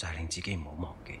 就係令自己唔好忘記。